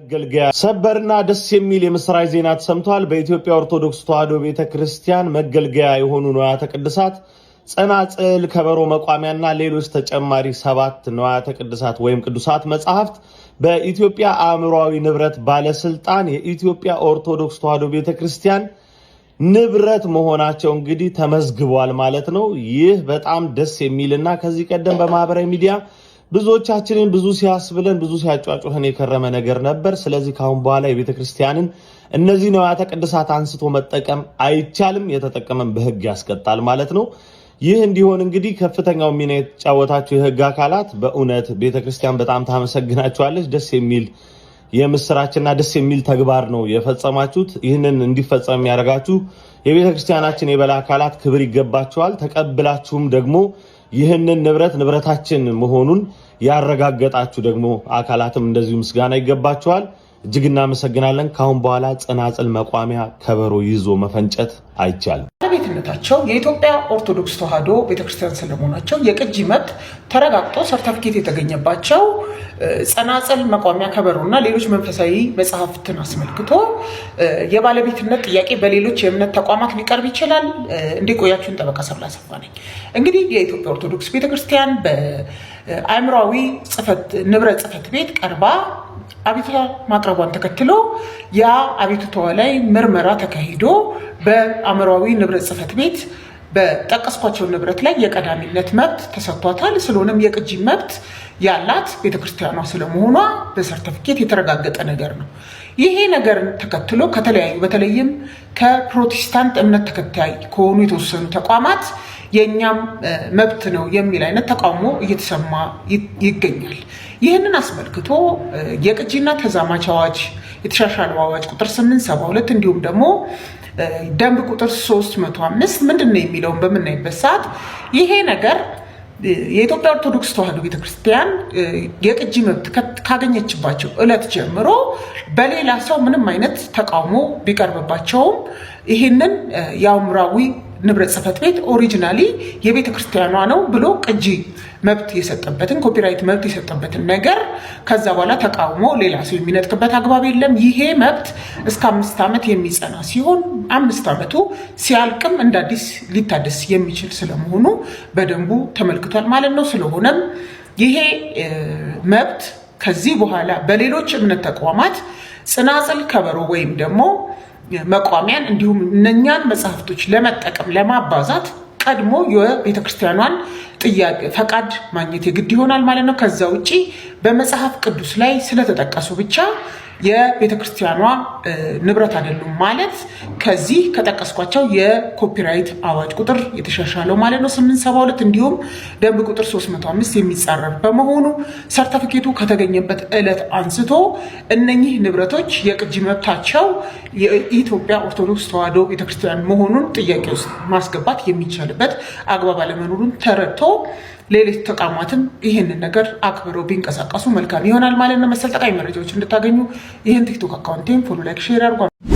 መገልገያ ሰበርና ደስ የሚል የምስራች ዜና ተሰምቷል። በኢትዮጵያ ኦርቶዶክስ ተዋሕዶ ቤተ ክርስቲያን መገልገያ የሆኑ ንዋያተ ቅድሳት ጸናጽል፣ ከበሮ፣ መቋሚያና ሌሎች ተጨማሪ ሰባት ንዋያተ ቅድሳት ወይም ቅዱሳት መጽሐፍት በኢትዮጵያ አእምሯዊ ንብረት ባለስልጣን የኢትዮጵያ ኦርቶዶክስ ተዋሕዶ ቤተ ክርስቲያን ንብረት መሆናቸው እንግዲህ ተመዝግቧል ማለት ነው። ይህ በጣም ደስ የሚልና ከዚህ ቀደም በማህበራዊ ሚዲያ ብዙዎቻችንን ብዙ ሲያስብለን ብዙ ሲያጫጩህን የከረመ ነገር ነበር። ስለዚህ ካሁን በኋላ የቤተ ክርስቲያንን እነዚህ ንዋያተ ቅድሳት አንስቶ መጠቀም አይቻልም። የተጠቀመን በሕግ ያስቀጣል ማለት ነው። ይህ እንዲሆን እንግዲህ ከፍተኛው ሚና የተጫወታችሁ የሕግ አካላት በእውነት ቤተ ክርስቲያን በጣም ታመሰግናችኋለች። ደስ የሚል የምስራችንና ደስ የሚል ተግባር ነው የፈጸማችሁት። ይህንን እንዲፈጸም የሚያደርጋችሁ የቤተ ክርስቲያናችን የበላይ አካላት ክብር ይገባቸዋል። ተቀብላችሁም ደግሞ ይህንን ንብረት ንብረታችን መሆኑን ያረጋገጣችሁ ደግሞ አካላትም እንደዚሁ ምስጋና ይገባችኋል። እጅግ እናመሰግናለን። ከአሁን በኋላ ጽናጽል መቋሚያ ከበሮ ይዞ መፈንጨት አይቻልም። ባለቤትነታቸው የኢትዮጵያ ኦርቶዶክስ ተዋሕዶ ቤተክርስቲያን ስለመሆናቸው የቅጂ መብት ተረጋግጦ ሰርተፊኬት የተገኘባቸው ጸናጽል መቋሚያ ከበሮና ሌሎች መንፈሳዊ መጽሐፍትን አስመልክቶ የባለቤትነት ጥያቄ በሌሎች የእምነት ተቋማት ሊቀርብ ይችላል። እንዲቆያችሁን ጠበቃ ሰብላ ሰፋ ነኝ። እንግዲህ የኢትዮጵያ ኦርቶዶክስ ቤተክርስቲያን በአእምሯዊ ንብረት ጽፈት ቤት ቀርባ አቤቱታ ማቅረቧን ተከትሎ ያ አቤቱታዋ ላይ ምርመራ ተካሂዶ በአእምሯዊ ንብረት ጽህፈት ቤት በጠቀስኳቸው ንብረት ላይ የቀዳሚነት መብት ተሰጥቷታል። ስለሆነም የቅጂ መብት ያላት ቤተክርስቲያኗ ስለመሆኗ በሰርተፍኬት የተረጋገጠ ነገር ነው። ይሄ ነገር ተከትሎ ከተለያዩ በተለይም ከፕሮቴስታንት እምነት ተከታይ ከሆኑ የተወሰኑ ተቋማት የእኛም መብት ነው የሚል አይነት ተቃውሞ እየተሰማ ይገኛል። ይህንን አስመልክቶ የቅጂና ተዛማች አዋጅ የተሻሻለው አዋጅ ቁጥር 872 እንዲሁም ደግሞ ደንብ ቁጥር 305 ምንድን ነው የሚለውን በምናይበት ሰዓት ይሄ ነገር የኢትዮጵያ ኦርቶዶክስ ተዋሕዶ ቤተክርስቲያን የቅጂ መብት ካገኘችባቸው እለት ጀምሮ በሌላ ሰው ምንም አይነት ተቃውሞ ቢቀርብባቸውም ይህንን የአእምራዊ ንብረት ጽሕፈት ቤት ኦሪጂናሊ የቤተ ክርስቲያኗ ነው ብሎ ቅጂ መብት የሰጠበትን ኮፒራይት መብት የሰጠበትን ነገር ከዛ በኋላ ተቃውሞ ሌላ ሰው የሚነጥቅበት አግባብ የለም። ይሄ መብት እስከ አምስት ዓመት የሚጸና ሲሆን አምስት ዓመቱ ሲያልቅም እንደ አዲስ ሊታደስ የሚችል ስለመሆኑ በደንቡ ተመልክቷል ማለት ነው። ስለሆነም ይሄ መብት ከዚህ በኋላ በሌሎች እምነት ተቋማት ጽናጽል፣ ከበሮ ወይም ደግሞ መቋሚያን እንዲሁም እነኛን መጽሐፍቶች ለመጠቀም ለማባዛት ቀድሞ የቤተክርስቲያኗን ጥያቄ ፈቃድ ማግኘት የግድ ይሆናል ማለት ነው። ከዛ ውጪ በመጽሐፍ ቅዱስ ላይ ስለተጠቀሱ ብቻ የቤተክርስቲያኗ ንብረት አይደሉም ማለት ከዚህ ከጠቀስኳቸው የኮፒራይት አዋጅ ቁጥር የተሻሻለው ማለት ነው 872 እንዲሁም ደንብ ቁጥር 305 የሚጻረር በመሆኑ ሰርተፊኬቱ ከተገኘበት ዕለት አንስቶ እነኚህ ንብረቶች የቅጂ መብታቸው የኢትዮጵያ ኦርቶዶክስ ተዋሕዶ ቤተክርስቲያን መሆኑን ጥያቄ ውስጥ ማስገባት የሚቻልበት አግባብ አለመኖሩን ተረድቶ ሌሎች ተቋማትም ይህንን ነገር አክብረው ቢንቀሳቀሱ መልካም ይሆናል ማለት ነው። መሰል ጠቃሚ መረጃዎች እንድታገኙ ይህን ቲክቶክ አካውንቴን ፎሎ፣ ላይክ፣ ሼር አድርጓል።